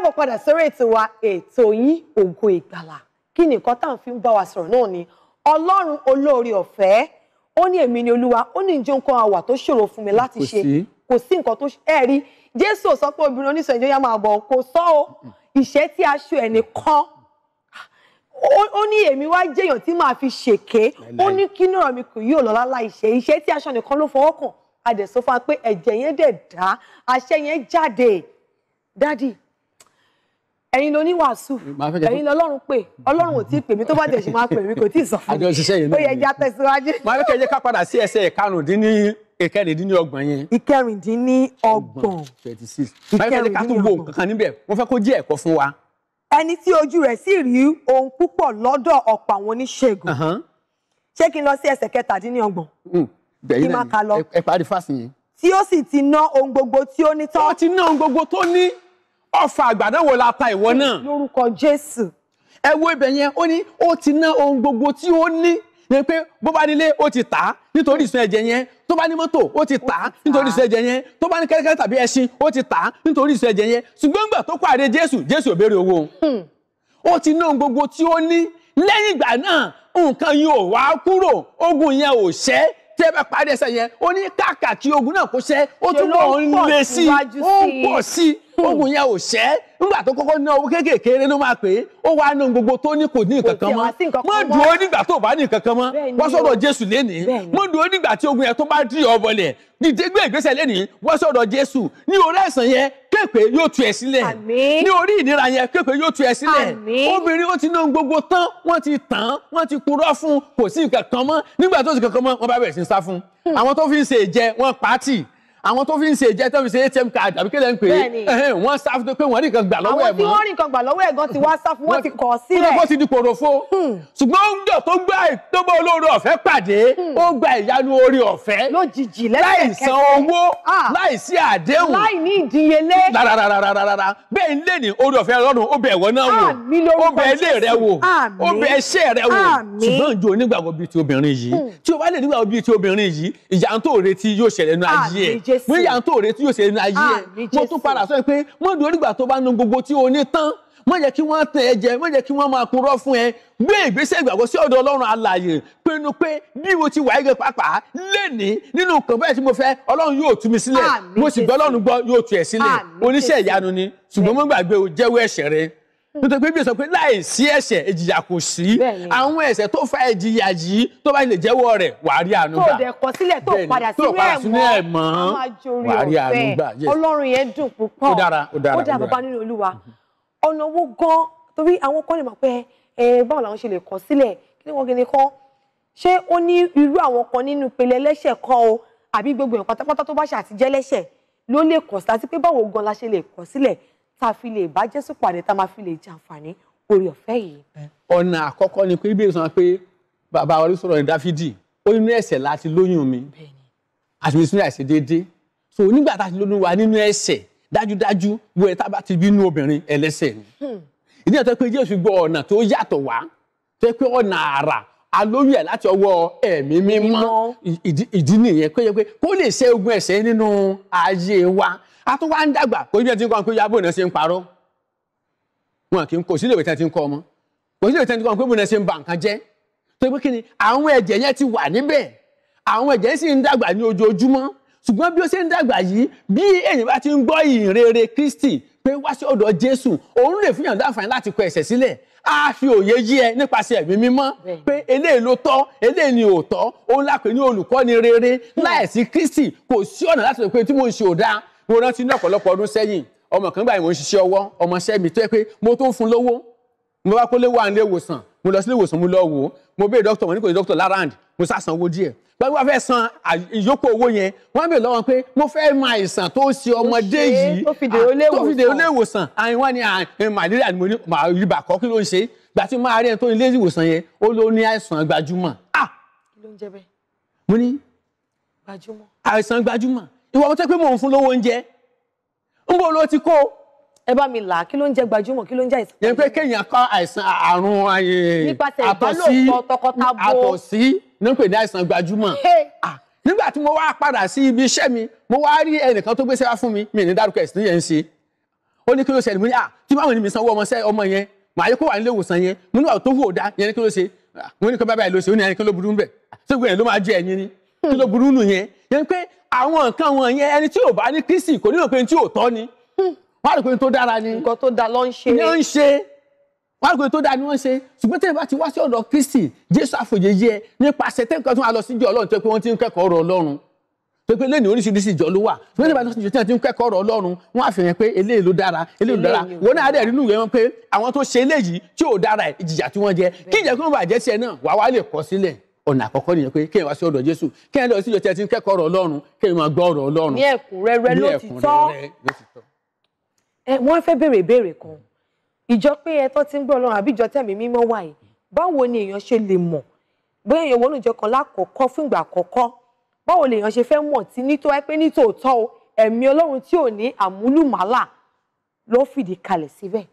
káàbọ̀ padà sórí ètò wa ètò yín ògo ìgbàlà kí ni nǹkan tá à ń fi bá wa sọ̀rọ̀ náà ni ọlọ́run olóore ọ̀fẹ́ ó ní èmi ni olúwa ó ní ìjọ nǹkan àwà tó ṣòro fún mi láti ṣe kò sí nǹkan tó ẹ rí jésù sọ pé obìnrin oníṣọ ìjọyà máa bọ̀ kò sọ o ìṣẹ́ tí aṣọ ẹni kan ó ní èmi wá jẹ́yàn tí màá fi ṣèké ó ní kí náà mi kò yóò lọ lálá ìṣẹ́ ìṣẹ́ tí aṣọ nìkan ló fọwọ́ kàn adẹ̀sọ́fà pé ẹ̀jẹ̀ yẹn dẹ̀ dá àṣẹ yẹn jáde dádì ẹ̀yin ló ní wàásù ẹ̀yin ló lọ́rùn pé ọlọ́run ò tí ì pè mí tó bá tẹ̀sí máa pè mí kò tí ì sọ fún mi ó yẹ já tẹ̀síwájú. màá fẹ́ kẹ́ ẹ jẹ́ ká padà sí ẹsẹ̀ ìkarùndínní ìkẹrìndínlọ́gbọ̀n yẹn. ìkẹrìndínlọ́gbọ̀n. twenty six. máa fẹ́ ká tún wo nǹkan kan níbẹ̀ wọ́n fẹ́ kó jẹ́ ẹ̀kọ́ fún wa. ẹni tí ojú rẹ̀ sì rí ohun púpọ̀ lọ́dọ̀ ọ̀pọ̀ àwọn oníṣègùn. ṣé kí n lọ sí ẹsẹ̀ kẹtàdínlọ́gbọ̀n. Hmm. kí n má ka lọ. tí ó sì ti ná ohun gbogbo tí ó ní tán. ó ti ná ohun gbogbo tó ní ọfà àgbàdo wo la ta ìwọ náà. lórúkọ jésù. ẹ wo ibẹ̀ yẹn ó ní ó ti ná ohun gbogbo tí ó ní ni pé bó bá nílé ó ti tà á nítorí ìsun ẹ̀jẹ̀ yẹn tó bá ní mọ́tò ó ti tà á nítorí ìsun ẹ̀jẹ̀ yẹn tó bá ní kẹ́kẹ́ tàbí ẹṣin ó ti tà á nítorí ìsun ẹ̀jẹ̀ yẹn ṣùgbọ́n nígbà tó pàdé jésù jésù ò owó hmm. ó ti ná ohun gbogbo tí ó ní lẹ́yìn ìgbà náà nǹkan yìí ò wá kúrò ogun yẹn ò ṣẹ́ tẹ́ bá parí ẹsẹ̀ yẹn ó ní kàkà kí ogun náà kó ṣẹ́ ó túbọ̀ ń lé sí i ó ń pọ̀ sí i oògùn yẹn ò ṣẹ́ nígbà tó kọ́kọ́ ná owó kéékèèké ló máa pè é ó wá ná gbogbo tó ní kò ní nǹkan mọ́ mọ́ dúró nígbà tó bá ní nǹkan mọ́ wọ́n Jésù lénìí mọ́ dúró nígbà tí ogun yẹn tó bá dì ọ́ bọlẹ̀ dìde gbé ìgbésẹ̀ lénìí wọ́n Jésù ní orí àìsàn yẹn kéèpé yóò tú ẹ sílẹ̀ ní orí ìnira yẹn kéèpé yóò tú ẹ sílẹ̀ obìnrin ó ti ná gbogbo tán wọ́n ti tàn wọ́n ti purọ́ fún kò sí nǹkan mọ́ nígbà tó sì kankan mọ́ wọ́n bá bẹ̀rẹ̀ sí sá fún hmm. àwọn tó fi ń ṣe ìjẹ wọ́n pàátì àwọn tó fi ń ṣe ìjẹ tó fi ṣe atm card àbí kílẹ̀ ń pè é wọ́n sáfù tó pé wọ́n rí nǹkan gbà lọ́wọ́ ẹ̀ mọ́ àwọn tí wọ́n rí nǹkan gbà lọ́wọ́ ẹ̀ gan ti wá sáfù wọ́n ti kọ̀ sílẹ̀ wọ́n ti di pòròfo hmm. ṣùgbọ́n ó ń jọ tó gbà tó bá olóore ọ̀fẹ́ pàdé hmm. ó gba ìyanu orí ọ̀fẹ́ lójijì láì san owó ah. láì sí àdéhùn láì ní ìdíyelé rárárárárá bẹ́ẹ̀ ń lè ní orí ọ̀fẹ́ ọlọ́run ó bẹ̀ wọ́n náà wò ó bẹ̀ ilé rẹ jésù wíyà ń tó rè tí yóò ṣe ní ayé ẹ mo tún padà sọ pé mo dùn onígbà tó bá nu gbogbo tí o ní tán má jẹ́ kí wọ́n tẹ̀ ẹ́ jẹ má jẹ́ kí wọ́n máa kúrò fún ẹ gbé ìgbésẹ̀ ìgbàgbọ́ sí ọ̀dọ̀ ọlọ́run alààyè pinnu pé bí mo ti wà ẹgbẹ́ pàápàá lénìí nínú nǹkan bẹ́ẹ̀ tí mo fẹ́ ọlọ́run yóò tú mi sílẹ̀ mo sì gbọ́ ọlọ́run gbọ́ yóò tú ẹ sílẹ̀ oníṣẹ́ ìyanu ni ṣùgbọ́n mo gbàgbé o jẹ́wọ́ ẹ̀ṣẹ̀ rẹ nítorí pé bí o sọ pé láìsí ẹ̀ṣẹ̀ ìjìyà kò sí àwọn ẹ̀ṣẹ̀ tó fa ìjìyà yìí tó bá lè jẹ́wọ́ rẹ̀ wà á rí àánú gbà tó dẹ̀ kọ sílẹ̀ tó padà sínú ẹ̀ mọ́ wà á rí àánú gbà ọlọ́run yẹn dùn púpọ̀ ó dára ó dára ó dára bàbá nínú olúwa ọ̀nà owó gan torí àwọn kan lè mọ̀ pé ẹ báwo làwọn ṣe lè kọ sílẹ̀ kí ni wọ́n gẹ́gẹ́ kan ṣé ó ní irú àwọn kan nínú ìpele ẹlẹ́ṣẹ̀ kan o àbí gbogbo ẹ̀ pátápátá tó bá ṣàtijẹ́ lẹ́ṣẹ̀ ló lè kọ̀ sí àti pé báwo gan la ṣe lè kọ̀ sílẹ̀ tá a fi lè bá Jésù pàdé tá a máa fi lè jàǹfààní orí ọ̀fẹ́ yìí. ọ̀nà àkọ́kọ́ ni pé bíbélì sọ pé bàbá wa ló sọ̀rọ̀ ní Dáfídì ó nínú ẹ̀ṣẹ̀ láti lóyún mi àti mi sínú àìṣe déédéé so nígbà tá a ti lóyún wa nínú ẹ̀ṣẹ̀ dájúdájú wo ẹ̀ tá a ti bínú obìnrin ẹlẹ́ṣẹ̀ ni hmm. ìdí àti pé Jésù gbọ́ ọ̀nà tó yàtọ̀ wá tó yẹ pé ọ̀nà àrà alóyè ẹ̀ láti ọwọ́ ẹ̀mí mímọ́ ìdí nìyẹn pé kó lè ṣe ogun ẹ̀ṣẹ̀ nínú ayé wa a tún wá ń dàgbà kò níbi ẹ̀ tí ń kọ́ pé yàbò náà ṣe ń parọ́ wọn kì í kò sílẹ̀ ìwé tí ń kọ́ ọmọ kò sílẹ̀ ìwé tí ń kọ́ pé bò náà ṣe ń ba nǹkan jẹ́ tó pé kí ni àwọn ẹ̀jẹ̀ yẹn ti wà níbẹ̀ àwọn ẹ̀jẹ̀ sì ń dàgbà ní ojoojúmọ́ ṣùgbọ́n bí ó ṣe ń dàgbà yìí bí èyí bá ti ń gbọ́ ìrere Kristi pé wá sí ọ̀dọ̀ Jésù òun lè fihàn láǹfààní láti kọ ẹ̀ṣẹ̀ sílẹ̀ a fi òye yí ẹ nípasẹ̀ ẹ̀mí mímọ́ pé eléyìí ló tọ́ eléyìí ni ò tọ́ òun lápè ní olùkọ́ni rere hmm. láìsí Kristi kò sí ọ̀nà láti lè pe tí mo ń ṣe ò dáa mo rántí ní ọ̀pọ̀lọpọ̀ ọdún sẹ́yìn ọmọ kan gbà ìwọ̀n ṣiṣẹ́ ọwọ́ ọmọọṣẹ́ mi tó yẹ pé mo tó ń fún lówó mo bá kólé wà nílé ìwòsàn mo lọ sí ilé ìwòsàn mo lọ wò ó mo béèrè dókítà wọn ní kò ní dókítà Larand mo sàsan owó díẹ̀ gbàgbé wàá fẹ́ san ìyókù owó yẹn wọ́n bèèrè lọ́wọ́ pé mo fẹ́ mọ àìsàn tó ṣe ọmọdé yìí ah, tó fi dèrò ilé ìwòsàn àìwọ́n ni màlíríà ni mo ní ibà kọ́ kí ló ń ṣe gbà tí máa rí ẹni tó ní ilé ìwòsàn yẹn ó ló ní àìsàn gbajúmọ̀. Ah! kí ló ń jẹ bẹ́ẹ̀. mo ní àìsàn gbajúmọ̀ ìwọ mo tẹ́ pé mò ń fún lówó oúnjẹ ń bò ló ti kó ẹ bá mi là á kí ló ń jẹ gbajúmọ̀ kí ló ń jẹ àìsàn. yẹn pé kéèyàn kọ àìsàn àrùn eh, àtọ̀sí àtọ̀sí ní pè ní àìsàn gbajúmọ̀ ah, nígbà tí mo wá padà sí ibi iṣẹ́ mi mo wá rí ẹnìkan tó gbéṣẹ́ wá fún mi mi ní dárúkọ ẹ̀sìn yẹn ń ṣe ó ní kí ló ṣẹlẹ̀ mo ní à ah, tí báwọn ènìyàn sanwó ọmọ sẹ́ ọmọ yẹn màá yẹ kó wà nílé ìwòsàn yẹn mo ní tó wù ó yẹn ní kí ló ṣe ah, mo ní kí bábà yẹn ló ṣe ó ní yẹn ní kí ló burú ń bẹ̀ ṣé gbogbo yẹn ló máa jẹ ẹ̀yin ni kí ló burú nù yẹn yẹn pé àwọn nǹkan wọn yẹn ẹni tí ò bá ní Kristi kò nílò pé tí ò tọ́ ni hmm. wọ́n á rò pé tó dára ni nǹkan tó da ló ń ṣe ni ó ń ṣe wọ́n á rò pé tó dára ni wọ́n ṣe ṣùgbọ́n tẹ́lẹ̀ bá ti wá sí ọ̀dọ̀ Kristi Jésù àfòyeyẹ nípasẹ̀ tẹ́ǹkan tó wà lọ síjọ́ Ọlọ́run tó pé wọ́n ti ń kẹ́kọ̀ọ́ ọ̀rọ̀ Ọlọ́run tó pé lẹ́nu oríṣiríṣi ìjọ ló wà lórí ìbátan ìjọ tí wọ́n ti ń kẹ́kọ̀ọ́ ọ̀rọ̀ Ọlọ́run wọ́n á fi hàn pé eléyìí ló dára eléyìí ló dára wọn náà dẹ̀ rínú ìwé wọn pé àwọn tó ṣe eléyìí tí ò dára ìjìyà tí wọ́n jẹ kí ìjẹ́ kí wọ́n bàjẹ́ tiẹ̀ náà wàá wá lè kọ́ sílẹ̀ ọ̀nà àkọ́kọ́ nìyẹn pé kéèyàn wá sí ọ̀dọ̀ Jésù kéèyàn lọ sí ìjọ tí ẹ ti ń kẹ́kọ̀ọ́ ọ̀rọ̀ Ọlọ́run kéèyàn máa gbọ́ ọ̀rọ̀ Ọlọ́run. ní ẹ̀kúnrẹ́rẹ́ ló ti tọ́ ẹ wọ́n fẹ́ béèrè ìbéèrè kan ìjọ pé ẹ tó ti ń gbọ́ Ọlọ́run àbí ìjọ tẹ̀mí mímọ́ wà yìí báwo ni èèyàn ṣe lè mọ̀ bóyá èèyàn wọnú ìjọ kan lákọ̀ọ́kọ́ fún ìgbà àkọ́kọ́ báwo lèèyàn ṣe fẹ́ mọ̀ tí nítọ́ pé nítòótọ́ o ẹ̀mí Ọlọ́run tí ò ní àmúlùmálà ló fìdí kalẹ̀ síbẹ̀.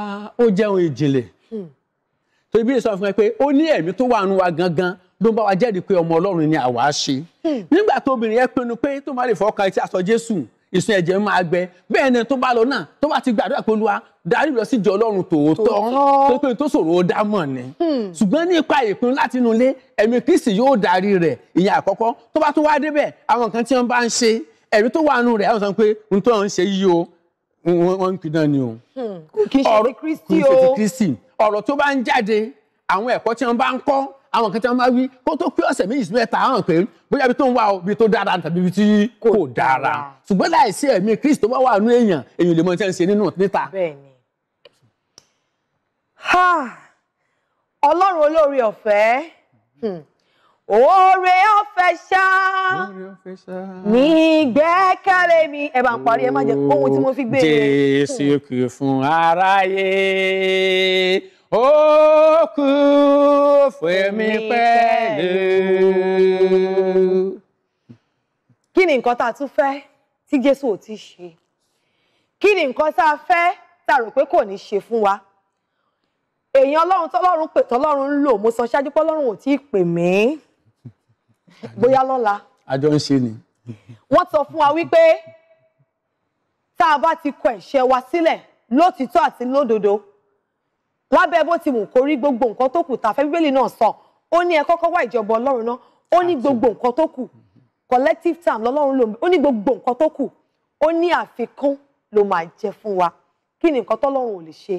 Ah, ó jẹ́ ohun ìjìnlẹ̀ hmm tó ibi sọ fún ẹ pé ó ní ẹ̀mí tó wà nù wa gangan ló ń bá wa jẹ́rìí pé ọmọ ọlọ́run ni àwa ṣe hmm. nígbà tó obìnrin yẹn pinnu pé tó má lè fọkàn etí aṣọ jésù ìsun ẹ̀jẹ̀ máa gbẹ bẹ́ẹ̀ ni tó bá lọ náà tó bá ti gbàdúrà pé olúwa darí lọ síjọ ọlọ́run tòótọ́ tó pé tó ṣòro ó dá mọ̀ ni hmm. ṣùgbọ́n nípa ìpinnu láti inú ilé ẹ̀mí kristi yóò darí rẹ̀ ìyẹn àkọ́kọ́ tó bá tún wá débẹ̀ àwọn nǹkan tí wọ́n bá ń ṣe ẹ̀mí tó wà nù rẹ̀ àwọn sọ pé n tó ń ṣe yí o wọ́n ń pin náà ni o. Hmm. kì í ṣe ti kristi o ọ̀rọ̀ tó bá ń jáde àwọn ẹ̀kọ́ tí wọ́n bá ń kọ́ àwọn kan tí wọ́n bá wí kó tó pé ọ̀sẹ̀ méjì sí mẹ́ta hàn pé bóyá ibi tó ń wá o ibi tó dára tàbí ibi tí kò dára ṣùgbọ́n láìsí ẹ̀mí Kristi bá wà nú èèyàn èèyàn lè mọ iṣẹ́ ń ṣe nínú níta. Ọlọ́run olóore ọ̀fẹ́ hmm. Oore ọ̀fẹ́ ṣá. Ní ìgbẹ́kẹ̀lé mi. Ẹ bá ń parí ẹ má jẹ oh, ohun tí mo fi gbé. Jésù kù fún aráyé. Ó kú fún èmi pẹ̀lú. Kí ni nǹkan tá a tún fẹ́ tí Jésù ò ti ṣe? Kí ni nǹkan tá a fẹ́ tá a rò pé kò ní ṣe fún wa? Èèyàn Ọlọ́run tọ́lọ́run pè tọ́lọ́run ń lò mo sọ ṣáájú pé Ọlọ́run ò tí ì pè mí bóyá lọ́la. àjọ ń ṣe ni. wọ́n sọ fún wa wípé tá a bá ti kọ ẹ̀ṣẹ̀ wa sílẹ̀ lótìtọ́ àti lódodo lábẹ́ bó ti wù kó rí gbogbo nǹkan tó kù tá a fẹ́ bíbélì náà sọ ó ní ẹ kọ́kọ́ wá ìjọba ọlọ́run náà ó ní gbogbo nǹkan tó kù collective time lọ́lọ́run ló ó ní gbogbo nǹkan tó kù ó ní àfikún ló máa jẹ fún wa kí ni nǹkan tọ́lọ́run ò lè ṣe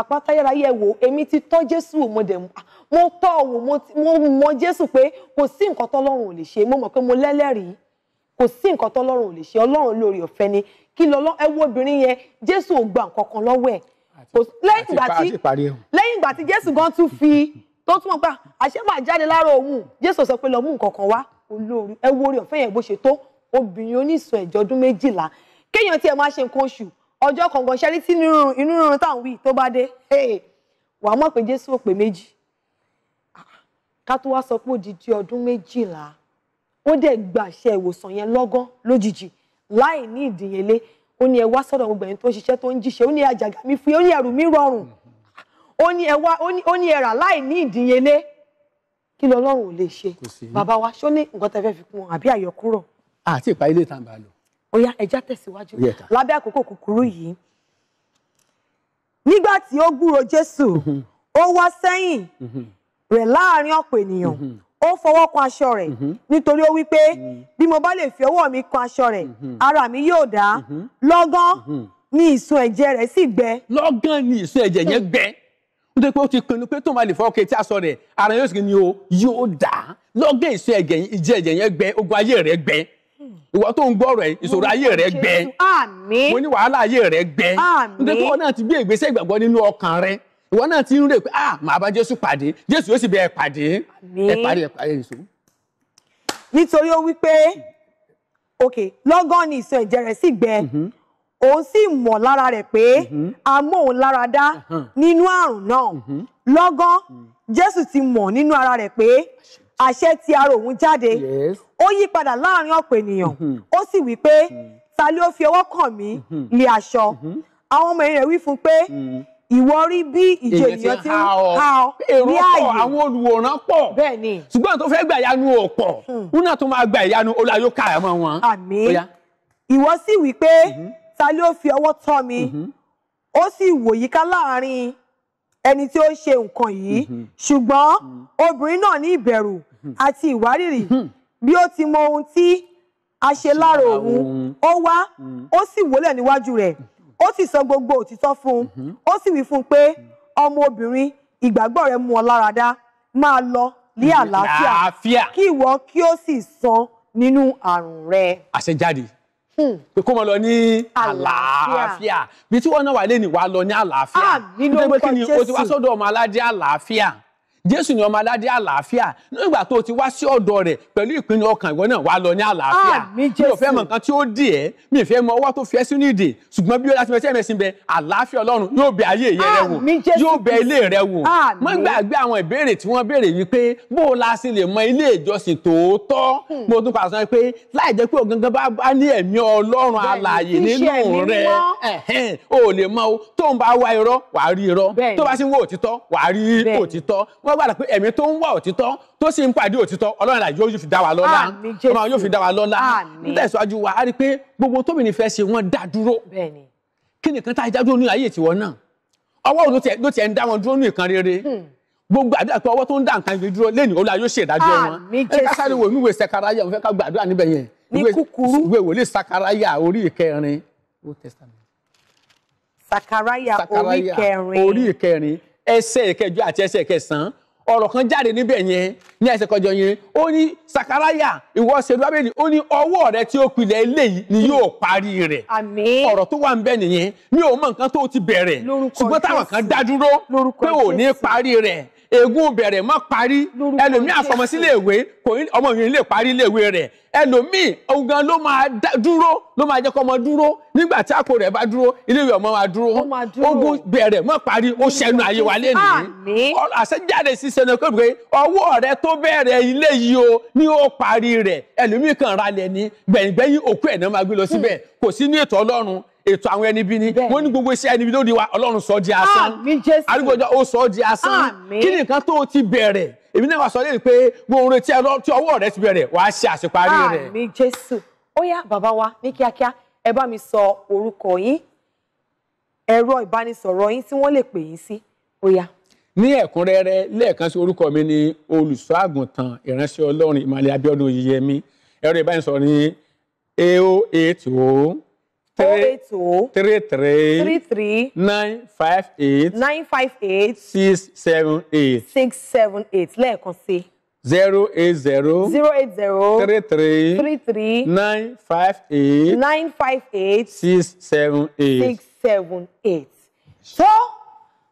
àpátáyára yẹ wò èmi ti tọ́ jésù òmọdé mu ah mo tọ́ wò mo mọ Jésù pé kò sí nǹkan tọ́lọ́run ò lè ṣe mo mọ̀ pé mo lẹ́lẹ́rìí kò sí nǹkan tọ́lọ́run ò lè ṣe ọlọ́run lórí ọ̀fẹ́ ni kí lọ́lọ́ ẹ wo obìnrin yẹn Jésù ò gba nǹkan kan lọ́wọ́ ẹ̀ lẹ́yìn ìgbà tí Jésù gan tún fi tó túmọ̀ pé àṣẹ máa jáde lára òun Jésù sọ pé lọ mú nǹkan kan wá olórí ẹ wo orí ọ̀fẹ́ yẹn bó ṣe tó obìnrin oníṣọ ẹ̀jọ́ ọdún méjìlá kéèyàn tiẹ̀ máa ṣe nǹkan oṣù ọjọ́ kọ̀ọ̀kan ṣẹ́rí tí inú rírun táwọn wí tó bá dé wàá mọ̀ pé Jésù ò pé méjì ká tó wá sọ pé odidi ọdún méjìlá ó dẹ̀ gbàṣẹ ìwòsàn yẹn lọ́gán lójijì láì ní ìdíyelé ó ní ẹ wá sọ̀rọ̀ gbogbo ẹ̀yin tó ń ṣiṣẹ́ tó ń jíṣẹ́ ó ní àjàgà mi fún yín ó ní ẹrù mi rọrùn ó ní ẹ láì ní ìdíyelé kí lọlọ́run ò lè ṣe bàbá wa ṣó ní nǹkan tẹ́ fẹ́ fi kún àbí àyọkúrò. àti ìpa ilé ìtàn bá lò. ó yá ẹja tẹ̀síwájú lábẹ́ àkókò kúkúrú yìí. nígbà tí ó gbúròó Jésù mhm. ó wá sẹ́yìn mhm. rẹ láàrin ọ̀pọ̀ ènìyàn mm-hmm. ó fọwọ́ kan aṣọ rẹ̀ mm-hmm. nítorí ó wípé mm-hmm. mo bá lè fi ọwọ́ mi kan aṣọ rẹ̀ ara mi yóò dá lọ́gán ni ìsun ẹ̀jẹ̀ rẹ̀ sì gbẹ. lọ́gán ní ìsun yẹn gbẹ pé ó ti pinnu pé lè fọwọ́ kẹtí aṣọ rẹ̀ ara yóò lọ́gán ìsun ẹ̀jẹ̀ yẹn gbẹ ogun ayé rẹ̀ gbẹ tó ń ayé rẹ̀ gbẹ mo ní wàhálà ayé rẹ̀ gbẹ ìwọ náà ti ń rè pé ah màá bá jésù pàdé jésù yóò sì bẹ ẹ pàdé ẹ parí ẹ parí èso. nítorí ó wí pé òkè lọ́gán ni ìsàn ìjẹrẹ sì gbẹ mhm. òun sì mọ̀ lára rẹ̀ pé mhm. a mọ̀ òun lára dá nínú àrùn náà mhm. lọ́gán mm. jésù ti mọ̀ nínú ara rẹ̀ pé àṣẹ ti ara òun jáde ó yí padà láàrin ọ̀pọ̀ ènìyàn ó sì wí pé mm. ta ló fi ọwọ́ kàn mí lé aṣọ àwọn ọmọ ẹ̀yìn rẹ̀ wí fún pé mm ìwọ rí bí ìjọ ènìyàn ti ń ha ọ ní ààyè àwọn olùwòran pọ̀ bẹ́ẹ̀ni ṣùgbọ́n tó fẹ́ gba ìyanu ò pọ̀ una hmm. tó máa gba ìyanu olayó ká àmọ́ wọn. àmín ìwọ sì wí pé hmm. ta ló fi ọwọ́ tọ́ mi hmm. ó sì wò yíká láàrin ẹni tí ó ṣe nǹkan yìí ṣùgbọ́n obìnrin náà ní ìbẹ̀rù àti ìwárìrì bí ó ti mọ ohun tí a ṣe lára òun ó wá ó sì wólẹ̀ níwájú rẹ̀ ó sì sọ gbogbo òtítọ́ fún un mhm. ó sì wí fún un pé ọmọ obìnrin ìgbàgbọ́ rẹ mú ọ láradá máa lọ ní àlàáfíà kí ìwọ kí ó sì san nínú àrùn rẹ. àṣejáde hmm. pé kó mọ lọ ní àlàáfíà bí tí wọn náà wà lé ní wàá lọ ní àlàáfíà ah, nítorí pé kí ni o ti wá sọ́dọ̀ ọmọ aládé àlàáfíà jésù ni ọmọ aládé àlàáfíà nígbà tó o ti wá sí ọ̀dọ̀ rẹ̀ pẹ̀lú ìpinnu ọkàn ìwọ náà wà lọ ní àlàáfíà mi ò fẹ́ mọ nǹkan tí ó dì ẹ́ mi ò fẹ́ mọ ọwọ́ tó fi ẹ́ sínú ìdè ṣùgbọ́n bí ó láti mẹsẹ́ mẹsìn bẹ àlàáfíà ọlọ́run yóò bẹ ayé yẹ rẹ wò yóò bẹ ilé rẹ wò mọ gbàgbé àwọn ìbéèrè tí wọ́n béèrè yìí pé bó o la ṣe lè mọ ilé ìjọsìn tòótọ́ hmm. mo tún pàṣẹ pé láì jẹ́ pé ògangan bá ní ẹ̀mí ọlọ́run alààyè nínú rẹ o lè mọ o tó ń bá wá irọ́ wàá rí irọ́ tó bá sì ń wá òtítọ́ wàá rí òtítọ́ wọ́n gbàdá pé ẹ̀mí tó ń wá òtítọ́ tó sì ń pàdé òtítọ́ ọlọ́run là yóò fi dá wa lọ́lá ọlọ́run yóò fi dá wa lọ́lá ń tẹ̀síwájú wa á rí i pé gbogbo tóbìnrin fẹ́ ṣe wọ́n dá dúró kí nìkan tá a dá dúró ní ayé tiwọn náà ọwọ́ òun ló tiẹ̀ ń dá wọn dúró ní ìkan rere hmm. gbogbo àdúrà pé ọwọ́ tó ń dá nǹkan ibi dúró lẹ́nu olúwa yóò ṣe ìdájọ́ wọn ẹ ká sáré wo inú ìwé sakaraya mo fẹ́ ká gbàdúrà níbẹ̀ yẹn ní kúkúrú ìwé ìwòlé sakaraya orí ìkẹrin sakaraya orí ìkẹrin orí ìkẹrin ẹsẹ̀ ìkẹjọ àti ẹsẹ̀ ìkẹsàn-án ọ̀rọ̀ kan jáde níbẹ̀ yẹn ní ẹsẹ̀ kọjọ yẹn ó ní sakaraya ìwọ ṣerú abẹ́ni ó ní ọwọ́ rẹ tí ó pilẹ̀ eléyìí ni yóò parí rẹ̀ ọ̀rọ̀ tó wà ń bẹ nìyẹn mi ò mọ nǹkan tó ti bẹ̀rẹ̀ ṣùgbọ́n táwọn kan dá dúró pé ò ègún bẹ̀rẹ̀ mọ́ parí ẹlòmíì àfọmọsílẹ̀ ìwé kò ní ọmọ yìí lè parí ilé ìwé rẹ̀ ẹlòmíì òun gan ló máa dúró ló máa jẹ́ kó ọmọ dúró nígbà tí àpò rẹ̀ bá dúró ilé ìwé ọmọ máa dúró ogun bẹ̀rẹ̀ mọ́ parí ó ṣẹnu ayé wa lé nìyí àṣẹjáde sí sẹnu pé ọwọ́ rẹ tó bẹ̀rẹ̀ ilé yìí o ni ó parí rẹ̀ ẹlòmíì kan ralẹ̀ ní gbẹ̀yìngbẹ̀yìn òkú ẹ̀ náà máa gbé lọ síbẹ̀ hmm. kò sí ní ètò ọlọ́run ètò àwọn ẹni bí ni wọ́n ní gbogbo iṣẹ́ ẹni bí ló di wa ọlọ́run sọ di asán arúgbójọ ó sọ di asán kí ni nǹkan tó o ti bẹ̀rẹ̀ èmi náà wàá sọ lẹ́yìn pé gbogbo retí tí ọwọ́ rẹ ti bẹ̀rẹ̀ wàá ṣe àṣeparí rẹ̀. àmín jésù ó yá bàbá wa ní kíákíá ẹ bá mi sọ orúkọ yín ẹ̀rọ ìbánisọ̀rọ̀ yín tí wọ́n lè pè yín sí ó yá. ní ẹ̀kúnrẹ́rẹ́ lẹ́ẹ̀kan sí orúkọ mi ni olùṣọ́ àgùntàn ìránṣẹ́ ọlọ́run ìmàlẹ́ abíọ́dún oyeyẹmí ẹ̀rọ ìbánisọ̀rọ̀ ni eo eight o oh three oh three three three three nine five eight nine five eight six seven eight six seven eight lẹ́ẹ̀kan sí. zero eight zero zero eight zero three three three three nine five eight nine five eight six seven eight six seven eight. so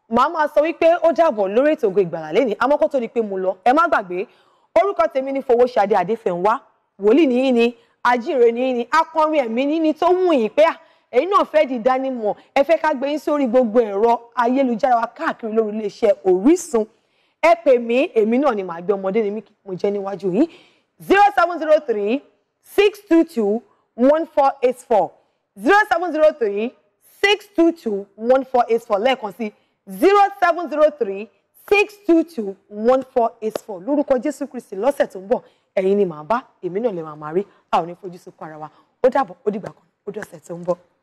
màá máa sọ wípé ó jàbọ̀ lórí ètò Ògo Ìgbàlà lẹ́nìí amọ́kọ́ tó di pé mo lọ ẹ má gbàgbé orúkọ tèmi ní Fowóṣadé Adéfẹ̀nwá wòlíì nìyí ni. Fowóṣadé, ajíire ní ní akọrin ẹ̀mí níní tó wù yín pé ẹ̀yin náà fẹ́ di ìdánimọ̀ ẹ fẹ́ ká gbé yín sórí gbogbo ẹ̀rọ ayélujára wa káàkiri lórí iléeṣẹ́ Orísun ẹ pè mí èmi náà ni màá gbé ọmọdé ni mo jẹ́ níwájú yín zero seven zero three six two two one four eight four zero seven zero three six two two one four eight four lẹ́ẹ̀kan sí zero seven zero three six two two one four eight four lórúkọ Jésù Kristi lọ́sẹ̀ tó ń bọ̀ ẹ̀yin ni màá bá èmi náà lè máa máa rí a ò ní fojú sunkún ara wa ó dàbọ̀ ó dìgbà kan ó dọ̀sẹ̀ tó ń bọ̀.